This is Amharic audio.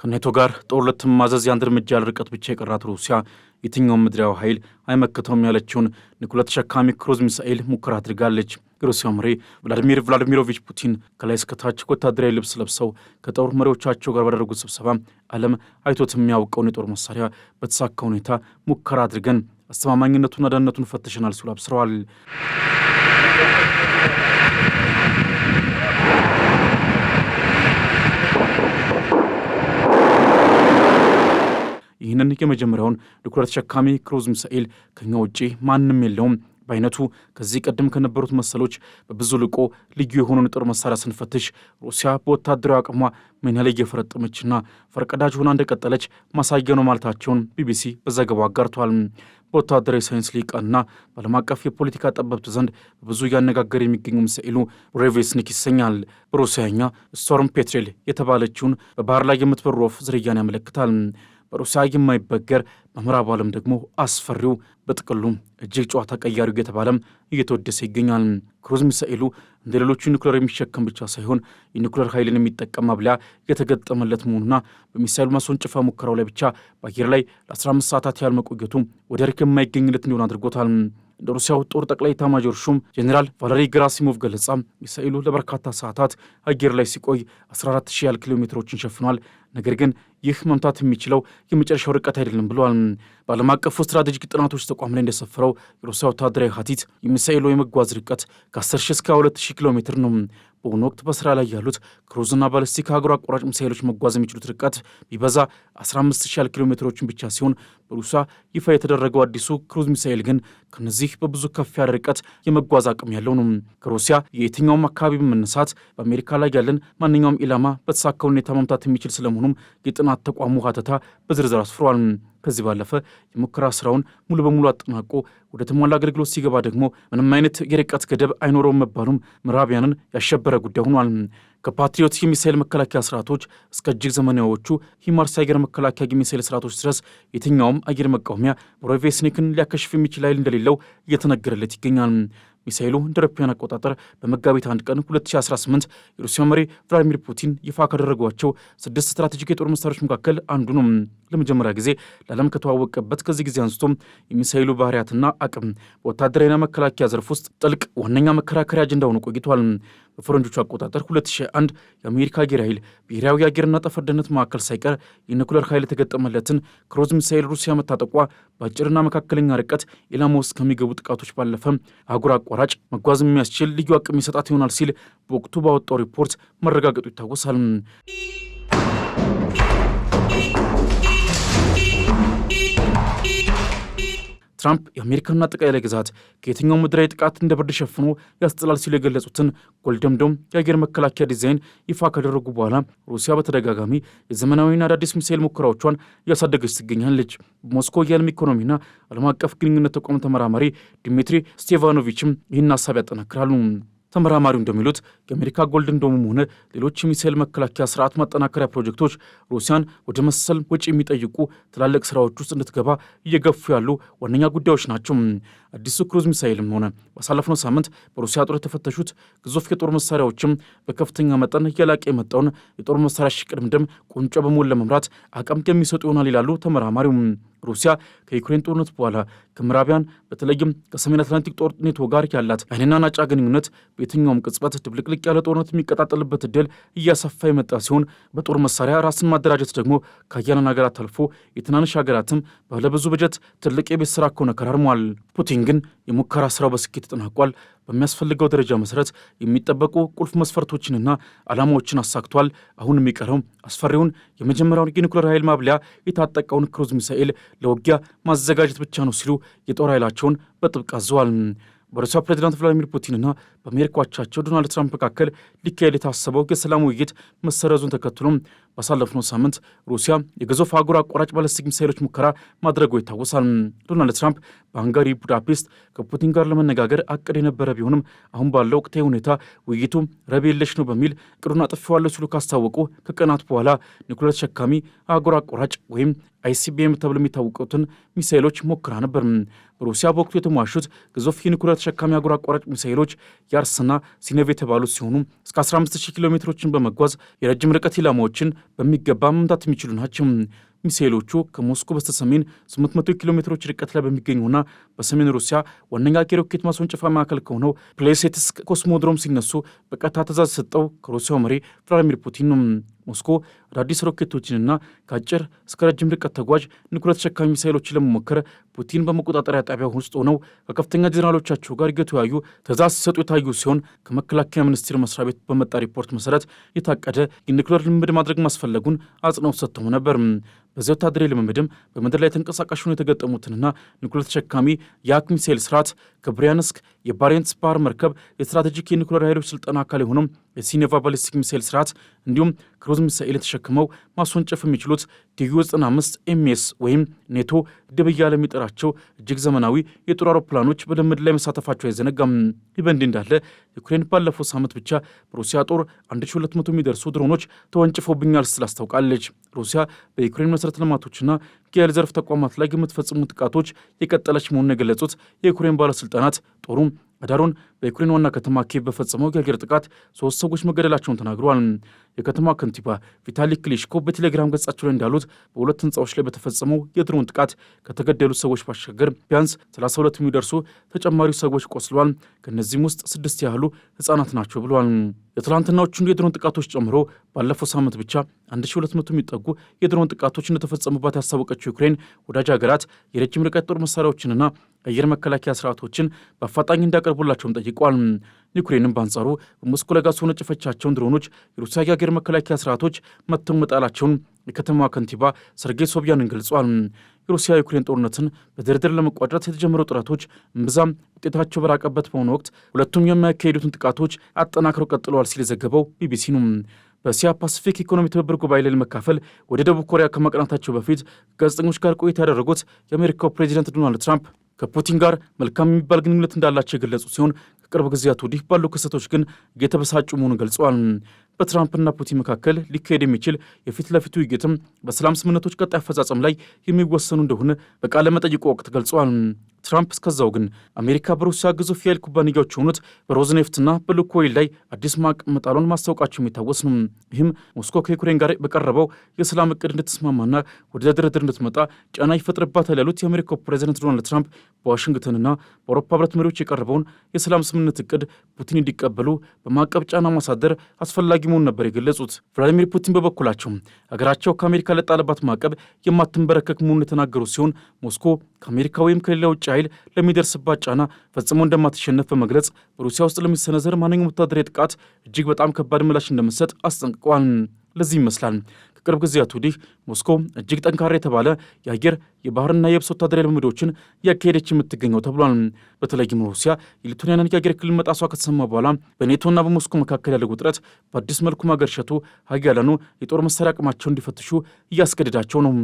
ከኔቶ ጋር ጦር ልትማዘዝ የአንድ እርምጃ ርቀት ብቻ የቀራት ሩሲያ የትኛውም ምድራዊ ኃይል አይመክተውም ያለችውን ንኩለ ተሸካሚ ክሩዝ ሚሳኤል ሙከራ አድርጋለች። የሩሲያው መሪ ቭላዲሚር ቭላዲሚሮቪች ፑቲን ከላይ እስከታች ወታደራዊ ልብስ ለብሰው ከጦር መሪዎቻቸው ጋር ባደረጉት ስብሰባ ዓለም አይቶት የሚያውቀውን የጦር መሳሪያ በተሳካ ሁኔታ ሙከራ አድርገን አስተማማኝነቱና ደህንነቱን ፈትሸናል ሲሉ አብስረዋል። ይህንን የመጀመሪያውን ዶክተር ተሸካሚ ክሩዝ ሚሳኤል ከኛ ውጪ ማንም የለውም። በአይነቱ ከዚህ ቀደም ከነበሩት መሰሎች በብዙ ልቆ ልዩ የሆኑ ንጥር መሳሪያ ስንፈትሽ ሩሲያ በወታደራዊ አቅሟ ምን ያህል እየፈረጠመችና ፈርቀዳጅ ሆና እንደቀጠለች ማሳያ ነው ማለታቸውን ቢቢሲ በዘገባው አጋርቷል። በወታደራዊ ሳይንስ ሊቃና በዓለም አቀፍ የፖለቲካ ጠበብት ዘንድ በብዙ እያነጋገር የሚገኙ ሚሳኤሉ ሬቬስኒክ ይሰኛል። በሩሲያኛ ስቶርም ፔትሬል የተባለችውን በባህር ላይ የምትበሩ ወፍ ዝርያን ያመለክታል። በሩሲያ የማይበገር በምዕራብ ዓለም ደግሞ አስፈሪው በጥቅሉ እጅግ ጨዋታ ቀያሪ እየተባለም እየተወደሰ ይገኛል። ክሩዝ ሚሳኤሉ እንደ ሌሎቹ ኒኩሌር የሚሸከም ብቻ ሳይሆን የኒኩሌር ኃይልን የሚጠቀም ማብለያ የተገጠመለት መሆኑና በሚሳኤሉ ማስወንጨፊያ ሙከራው ላይ ብቻ በአየር ላይ ለ15 ሰዓታት ያህል መቆየቱ ወደ የማይገኝለት እንዲሆን አድርጎታል። እንደ ሩሲያው ጦር ጠቅላይ ኤታማዦር ሹም ጄኔራል ቫለሪ ግራሲሞቭ ገለጻ ሚሳኤሉ ለበርካታ ሰዓታት አየር ላይ ሲቆይ 14 ያህል ኪሎ ሜትሮችን ሸፍኗል። ነገር ግን ይህ መምታት የሚችለው የመጨረሻው ርቀት አይደለም ብለዋል። በዓለም አቀፉ ስትራቴጂክ ጥናቶች ተቋም ላይ እንደሰፈረው የሩሲያ ወታደራዊ ሀቲት የሚሳኤሉ የመጓዝ ርቀት ከ10 እስከ 200 ኪሎ ሜትር ነው። በአሁኑ ወቅት በስራ ላይ ያሉት ክሩዝና ባለስቲክ ሀገር አቋራጭ ሚሳኤሎች መጓዝ የሚችሉት ርቀት ቢበዛ 150 ኪሎ ሜትሮችን ብቻ ሲሆን በሩሲያ ይፋ የተደረገው አዲሱ ክሩዝ ሚሳኤል ግን ከነዚህ በብዙ ከፍ ያለ ርቀት የመጓዝ አቅም ያለው ነው። ከሩሲያ የየትኛውም አካባቢ በመነሳት በአሜሪካ ላይ ያለን ማንኛውም ኢላማ በተሳካ ሁኔታ መምታት የሚችል ስለመሆኑ መሆኑንም የጥናት ተቋሙ ሀተታ በዝርዝር አስፍሯል። ከዚህ ባለፈ የሙከራ ስራውን ሙሉ በሙሉ አጠናቆ ወደ ተሟላ አገልግሎት ሲገባ ደግሞ ምንም አይነት የርቀት ገደብ አይኖረውም መባሉም ምዕራቢያንን ያሸበረ ጉዳይ ሆኗል። ከፓትሪዮት የሚሳይል መከላከያ ስርዓቶች እስከ እጅግ ዘመናዎቹ ሂማርስ የአየር መከላከያ የሚሳይል ስርዓቶች ድረስ የትኛውም አየር መቃወሚያ ሮቬስኒክን ሊያከሽፍ የሚችል ኃይል እንደሌለው እየተነገረለት ይገኛል። ሚሳኤሉ እንደ አውሮፓውያን አቆጣጠር በመጋቢት አንድ ቀን 2018 የሩሲያ መሪ ቭላዲሚር ፑቲን ይፋ ካደረጓቸው ስድስት ስትራቴጂክ የጦር መሳሪያዎች መካከል አንዱ ነው። ለመጀመሪያ ጊዜ ለዓለም ከተዋወቀበት ከዚህ ጊዜ አንስቶ የሚሳኤሉ ባህሪያትና አቅም በወታደራዊና መከላከያ ዘርፍ ውስጥ ጥልቅ ዋነኛ መከራከሪያ አጀንዳ ሆኖ ቆይቷል። በፈረንጆቹ አቆጣጠር 2001 የአሜሪካ አየር ኃይል ብሔራዊ የአየርና ጠፈር ደህንነት ማዕከል ሳይቀር የኒኩለር ኃይል የተገጠመለትን ክሮዝ ሚሳኤል ሩሲያ መታጠቋ በአጭርና መካከለኛ ርቀት ኢላማ ውስጥ ከሚገቡ ጥቃቶች ባለፈ አህጉር አቋራጭ መጓዝ የሚያስችል ልዩ አቅም ይሰጣት ይሆናል ሲል በወቅቱ ባወጣው ሪፖርት መረጋገጡ ይታወሳል። ትራምፕ የአሜሪካና አጠቃላይ ግዛት ከየትኛው ምድራዊ ጥቃት እንደ ብርድ ሸፍኖ ያስጥላል ሲሉ የገለጹትን ጎልደምዶም የአየር መከላከያ ዲዛይን ይፋ ካደረጉ በኋላ ሩሲያ በተደጋጋሚ የዘመናዊና አዳዲስ ሚሳኤል ሙከራዎቿን እያሳደገች ትገኛለች። በሞስኮ የዓለም ኢኮኖሚና ዓለም አቀፍ ግንኙነት ተቋም ተመራማሪ ዲሚትሪ ስቴቫኖቪችም ይህን ሀሳብ ያጠናክራሉ። ተመራማሪው እንደሚሉት የአሜሪካ ጎልደን ዶምም ሆነ ሌሎች የሚሳይል መከላከያ ስርዓት ማጠናከሪያ ፕሮጀክቶች ሩሲያን ወደ መሰል ወጪ የሚጠይቁ ትላልቅ ስራዎች ውስጥ እንድትገባ እየገፉ ያሉ ዋነኛ ጉዳዮች ናቸው። አዲሱ ክሩዝ ሚሳይልም ሆነ ባሳለፍነው ሳምንት በሩሲያ ጦር የተፈተሹት ግዙፍ የጦር መሳሪያዎችም በከፍተኛ መጠን እየላቀ የመጣውን የጦር መሳሪያ ሽቅድምድም ቁንጮ በሞን ለመምራት አቅም የሚሰጡ ይሆናል ይላሉ ተመራማሪው። ሩሲያ ከዩክሬን ጦርነት በኋላ ከምዕራቢያን በተለይም ከሰሜን አትላንቲክ ጦር ኔቶ ጋር ያላት ዓይንና ናጫ ግንኙነት በየትኛውም ቅጽበት ድብልቅልቅ ያለ ጦርነት የሚቀጣጠልበት እድል እያሰፋ የመጣ ሲሆን በጦር መሳሪያ ራስን ማደራጀት ደግሞ ከአያላን ሀገራት አልፎ የትናንሽ ሀገራትም ባለብዙ በጀት ትልቅ የቤት ስራ ከሆነ ከራርመዋል። ፑቲን ግን የሙከራ ስራው በስኬት ተጠናቋል። በሚያስፈልገው ደረጃ መሰረት የሚጠበቁ ቁልፍ መስፈርቶችንና ዓላማዎችን አሳክቷል። አሁን የሚቀረው አስፈሪውን የመጀመሪያውን የኒኩሌር ኃይል ማብለያ የታጠቀውን ክሩዝ ሚሳኤል ለውጊያ ማዘጋጀት ብቻ ነው ሲሉ የጦር ኃይላቸውን በጥብቅ አዘዋል። በሩሲያ ፕሬዚዳንት ቭላዲሚር ፑቲንና በአሜሪካ ዶናልድ ትራምፕ መካከል ሊካሄድ የታሰበው የሰላም ውይይት መሰረዙን ተከትሎም ባሳለፍነው ሳምንት ሩሲያ የግዙፍ አህጉር አቋራጭ ባለስቲክ ሚሳይሎች ሙከራ ማድረጉ ይታወሳል። ዶናልድ ትራምፕ በሃንጋሪ ቡዳፔስት ከፑቲን ጋር ለመነጋገር አቅድ የነበረ ቢሆንም አሁን ባለው ወቅታዊ ሁኔታ ውይይቱ ረብ የለሽ ነው በሚል እቅዱን አጥፌዋለሁ ሲሉ ካስታወቁ ከቀናት በኋላ ኒኩሌር ተሸካሚ አህጉር አቋራጭ ወይም አይሲቢኤም ተብሎ የሚታወቁትን ሚሳይሎች ሞክራ ነበር። ሩሲያ በወቅቱ የተሟሹት ግዙፍ የኒኩሌር ተሸካሚ አህጉር አቋራጭ ሚሳይሎች ያርስና ሲነቭ የተባሉት ሲሆኑ እስከ 150 ኪሎ ሜትሮችን በመጓዝ የረጅም ርቀት ኢላማዎችን በሚገባ መምታት የሚችሉ ናቸው። ሚሳኤሎቹ ከሞስኮ በስተሰሜን 800 ኪሎ ሜትሮች ርቀት ላይ በሚገኙና በሰሜን ሩሲያ ዋነኛ የሮኬት ማስወንጨፋ ማዕከል ከሆነው ፕሌሴትስክ ኮስሞድሮም ሲነሱ በቀጥታ ትእዛዝ ሰጠው ከሩሲያው መሪ ቭላዲሚር ፑቲን ነው። ሞስኮ አዳዲስ ሮኬቶችንና ከአጭር እስከ ረጅም ርቀት ተጓዥ ንኩለ ተሸካሚ ሚሳይሎችን ለመሞከር ፑቲን በመቆጣጠሪያ ጣቢያ ውስጥ ሆነው ከከፍተኛ ጀነራሎቻቸው ጋር እየተወያዩ ትእዛዝ ሲሰጡ የታዩ ሲሆን ከመከላከያ ሚኒስቴር መስሪያ ቤት በመጣ ሪፖርት መሰረት የታቀደ የኒኩለር ልምምድ ማድረግ ማስፈለጉን አጽንኦት ሰጥተው ነበር። በዚህ ወታደራዊ ልምምድም በምድር ላይ ተንቀሳቃሽ ሆኖ የተገጠሙትንና ኒኩለር ተሸካሚ የአክ ሚሳይል ስርዓት ከብሪያንስክ የባሬንትስ ባህር መርከብ የስትራቴጂክ የኒኩለር ኃይሎች ስልጠና አካል የሆነው የሲኔቫ ባሊስቲክ ሚሳኤል ስርዓት እንዲሁም ክሩዝ ሚሳኤል ተሸክመው ማስወንጨፍ የሚችሉት ዲዩ 95 ኤምኤስ ወይም ኔቶ ድብ እያለ የሚጠራቸው እጅግ ዘመናዊ የጦር አውሮፕላኖች በልምድ ላይ መሳተፋቸው አይዘነጋም። ይህ በእንዲህ እንዳለ ዩክሬን ባለፈው ሳምንት ብቻ በሩሲያ ጦር 1200 የሚደርሱ ድሮኖች ተወንጭፈውብኛል ስትል አስታውቃለች። ሩሲያ በዩክሬን መሠረተ ልማቶችና የኃይል ዘርፍ ተቋማት ላይ የምትፈጽሙ ጥቃቶች የቀጠለች መሆኑን የገለጹት የዩክሬን ባለስልጣናት ጦሩም አዳሩን በዩክሬን ዋና ከተማ ኪየቭ በፈጸመው የአየር ጥቃት ሶስት ሰዎች መገደላቸውን ተናግረዋል። የከተማ ከንቲባ ቪታሊ ክሊሽኮ በቴሌግራም ገጻቸው ላይ እንዳሉት በሁለት ህንፃዎች ላይ በተፈጸመው የድሮን ጥቃት ከተገደሉ ሰዎች ባሻገር ቢያንስ 32 የሚደርሱ ተጨማሪ ሰዎች ቆስለዋል። ከእነዚህም ውስጥ ስድስት ያህሉ ህጻናት ናቸው ብለዋል። የትላንትናዎቹን የድሮን ጥቃቶች ጨምሮ ባለፈው ሳምንት ብቻ 1200 የሚጠጉ የድሮን ጥቃቶች እንደተፈጸሙባት ያስታወቀችው ዩክሬን ወዳጅ ሀገራት የረጅም ርቀት ጦር መሳሪያዎችንና አየር መከላከያ ስርዓቶችን በአፋጣኝ እንዲያቀርቡላቸውም ጠይቋል። ዩክሬንም በአንጻሩ በሞስኮ ለጋስ ነጭፈቻቸውን ድሮኖች የሩሲያ የአገር መከላከያ ስርዓቶች መተው መጣላቸውን የከተማዋ ከንቲባ ሰርጌይ ሶቢያንን ገልጿል። የሩሲያ ዩክሬን ጦርነትን በድርድር ለመቋጨት የተጀመሩ ጥረቶች እምብዛም ውጤታቸው በራቀበት በሆነ ወቅት ሁለቱም የሚያካሄዱትን ጥቃቶች አጠናክረው ቀጥለዋል ሲል የዘገበው ቢቢሲ ነው። በእስያ ፓሲፊክ ኢኮኖሚ ትብብር ጉባኤ ላይ ለመካፈል ወደ ደቡብ ኮሪያ ከማቅናታቸው በፊት ጋዜጠኞች ጋር ቆይታ ያደረጉት የአሜሪካው ፕሬዚደንት ዶናልድ ትራምፕ ከፑቲን ጋር መልካም የሚባል ግንኙነት እንዳላቸው የገለጹ ሲሆን ከቅርብ ጊዜያት ወዲህ ባሉ ክስተቶች ግን እየተበሳጩ መሆኑን ገልጸዋል። በትራምፕና ፑቲን መካከል ሊካሄድ የሚችል የፊት ለፊቱ ውይይትም በሰላም ስምምነቶች ቀጣይ አፈጻጸም ላይ የሚወሰኑ እንደሆነ በቃለ መጠይቁ ወቅት ገልጿል። ትራምፕ እስከዛው ግን አሜሪካ በሩሲያ ግዙፍ የኃይል ኩባንያዎች የሆኑት በሮዝኔፍትና በሉኮይል ላይ አዲስ ማዕቀብ መጣሏን ማስታወቃቸው የሚታወስ ነው። ይህም ሞስኮ ከዩክሬን ጋር በቀረበው የሰላም እቅድ እንድትስማማና ወደ ድርድር እንድትመጣ ጫና ይፈጥርባታል ያሉት የአሜሪካው ፕሬዚደንት ዶናልድ ትራምፕ በዋሽንግተንና በአውሮፓ ህብረት መሪዎች የቀረበውን የሰላም ስምምነት እቅድ ፑቲን እንዲቀበሉ በማዕቀብ ጫና ማሳደር አስፈላጊ አስፈላጊ መሆኑን ነበር የገለጹት። ቭላዲሚር ፑቲን በበኩላቸው ሀገራቸው ከአሜሪካ ለጣለባት ማዕቀብ የማትንበረከክ መሆኑን የተናገሩ ሲሆን ሞስኮ ከአሜሪካ ወይም ከሌላ ውጭ ኃይል ለሚደርስባት ጫና ፈጽሞ እንደማትሸነፍ በመግለጽ በሩሲያ ውስጥ ለሚሰነዘር ማንኛውም ወታደራዊ ጥቃት እጅግ በጣም ከባድ ምላሽ እንደምትሰጥ አስጠንቅቋል። ለዚህ ይመስላል ከቅርብ ጊዜያት ወዲህ ሞስኮ እጅግ ጠንካራ የተባለ የአየር የባህርና የብስ ወታደራዊ ልምምዶችን እያካሄደች የምትገኘው ተብሏል። በተለይም ሩሲያ የሊቱዌኒያንን የአየር ክልል መጣሷ ከተሰማ በኋላ በኔቶና በሞስኮ መካከል ያለው ውጥረት በአዲስ መልኩ ማገርሸቱ ሀያላኑ የጦር መሳሪያ አቅማቸውን እንዲፈትሹ እያስገደዳቸው ነው።